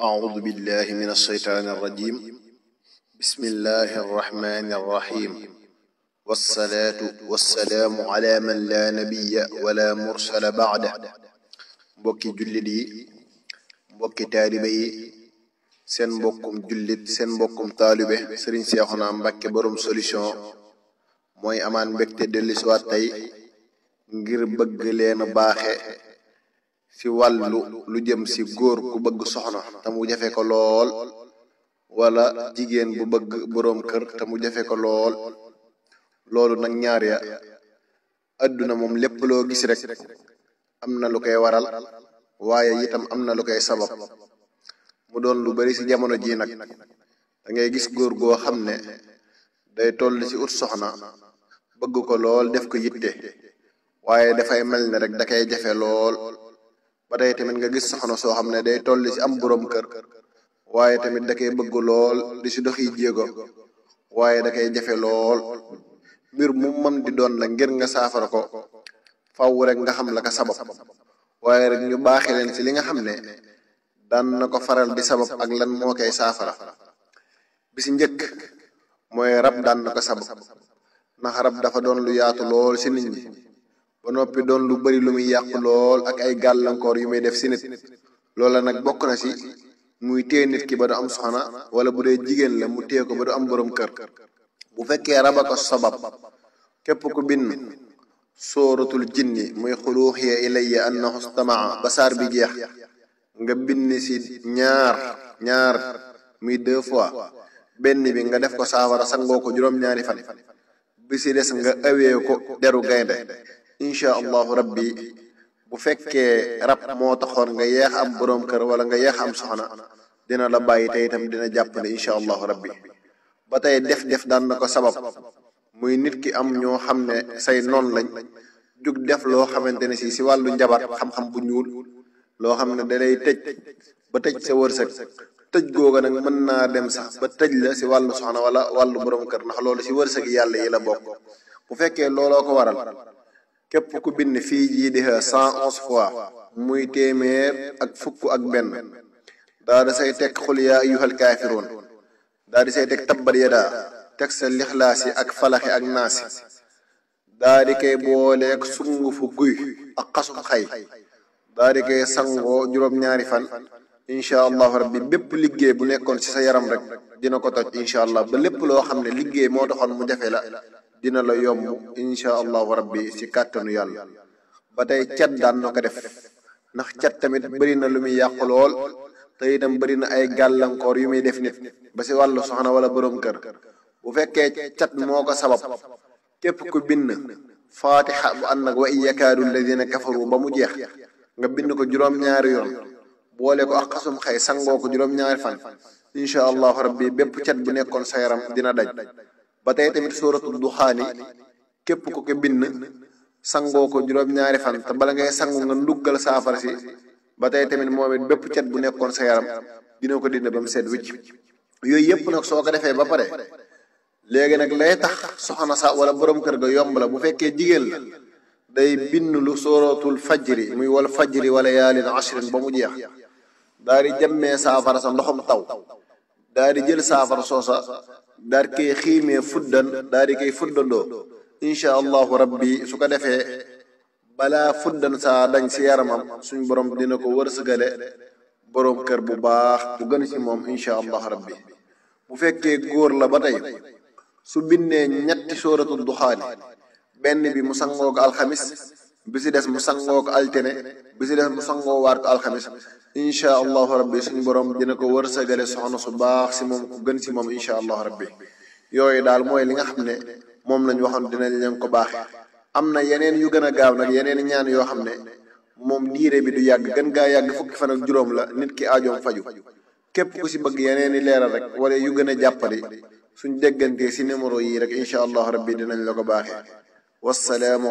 أعوذ بالله من الشيطان الرجيم بسم الله الرحمن الرحيم والصلاة والسلام على من لا نبي ولا مرسل بعده mbokki jullit yi mbokki taalibe yi seen mbokkum jullit seen mbokkum taalibe Serigne Cheikhouna Mbacké borom solution mooy amaan mbégte dellusiwaat tey ngir bëgg leen baaxe ci wàllu lu jëm ci góor ku bëgg soxna te jafe ko lool wala jigéen bu bëgg boroom kër te mu jafe ko lool loolu nag ñaar ya adduna moom lépp loo gis rek am na lu koy waral waaye itam am na lu koy sabab mu doon lu bari ci jamono ji nag da ngay gis góor goo xam ne day toll ci ut soxna bëgg ko lool def ko yitte waaye dafay mel ne rek da koy jafe lool ba tey tamit nga gis soxna soo xam ne day toll si am boroom kër waaye tamit da koy bëgg lool di si dox yi jéego waaye da koy jafe lool mbir mu mën di doon na ngir nga saafara ko faw rek nga xam la ka sabab waaye rek ñu baaxee leen si li nga xam ne daan na ko faral di sabab ak lan moo koy saafara bi si njëkk mooy rab daan na ko sabab ndax rab dafa doon lu yaatu lool si nit ñi ba noppi doon lu bari lu muy yàq lool ak ay gàllankoor yu muy def si nit loola nag bokk na si muy téye ki ba du am soxna wala bu dee jigéen la mu téye ko ba du am boroom kër bu fekkee raba ko sabab képp ku bind sooratul jinni muy xuluuxiya ilayya annahu stamaa ba saar bi jeex nga binn si ñaar ñaar muy deux fois benn bi nga def ko saafara sangoo ko juróom-ñaari fan bi si des nga awee ko deru gaynde incha allahu rabbi bu fekkee rab moo taxoon nga yeex am boroom kër wala nga yeex am soxna dina la bàyyi tey itam dina jàppale incha allahu rabbi ba tey def-def daan na ko sabab muy nit ki am ñoo xam ne say noon lañ jug def loo xamante ne si si wàllu njabar xam-xam bu ñuul loo xam ne da lay tëj ba tëj sa wërsëg tëj googa nag mën naa dem sax ba tëj la si wàllu soxna wala wàllu borom kër ndax loolu si wërsëg yàlla yi la bokk bu fekkee looloo ko waral képp ku bind fii jii di fois muy téeméer ak fukk ak benn daa say teg xul yaa ayyuhal kaafiruun daa teg tabbat yadaa teg sa lixlaas yi ak falaxe ak naasi daa di koy booleeg sungufu guy ak xasum xay daa di koy sangoo juróom-ñaari fan incha allahu rabbi bépp liggéey bu nekkoon ci sa yaram rek dina ko toj incha allah ba lépp loo xam ne liggéey moo taxoon mu jafe la dina la yomb incha allahu rabbi si kàttanu yàlla ba tey cat daan na ko def ndax cat tamit bëri na lu muy yàqu lool te itam bëri na ay gàllankoor yu muy def nit ba si wàllu soxna wala borom kër bu fekkee cat moo ko sabab képp ku bind faatixa bu ànd ak wa in yakaadu alladina kafaru ba mu jeex nga bind ko juróom-ñaari yoon boole ko ak xasum xëy sangoo ko juróom-ñaari fan incha allahu rabbi bépp cat bu nekkoon sax yaram dina daj ba tey tamit sóoratu duxaani képp ku ko bind sangoo ko juróom-ñaari fan bala ngay sangu nga nduggal saafara si ba tey tamit moom it bépp cat bu nekkoon sa yaram dina ko dindi ba mu seet wicc yooyu yëpp nag soo ko defee ba pare léegi nag lay tax soxna sa wala boroom kër ga yomb la bu fekkee jigéen la day bind lu sóoratul fajri muy wal fajri wala na ashrin ba mu jeex daal di jëmmee saafara sa ndoxam taw daa di jël saafara soosa daa di koy xiimee fuddan daa di koy fuddandoo incha allahu rabbi su ko defee balaa fuddan saa dañ si yaramam suñ borom dina ko wërsëgale borom kër bu baax bu gën si moom incha allahu rabbi bu fekkee góor la ba tey su bindee ñetti sóoratu duxaani benn bi mu sangoo ko alxamis bi si des mu sangoo ko altine bi alxamis incha allahu rabbi suñu borom dina ko wërsëgale soxna su baax si moom ku gën si moom incha allahu rabbi yooyu daal mooy li nga xam ne moom lañ waxoon dina leen ko baaxee am na yeneen yu gën a gaaw nag yeneen ñaan yoo xam ne moom diire bi du yàgg gën gaa yàgg fukki fan ak juróom la nit ki aajoom faju képp ku si bëgg yeneen i leeral rek wala yu gën a jàppale suñ déggantee si numéro yii rek incha allahu rabbi dinañ la ko baaxee wasalaamu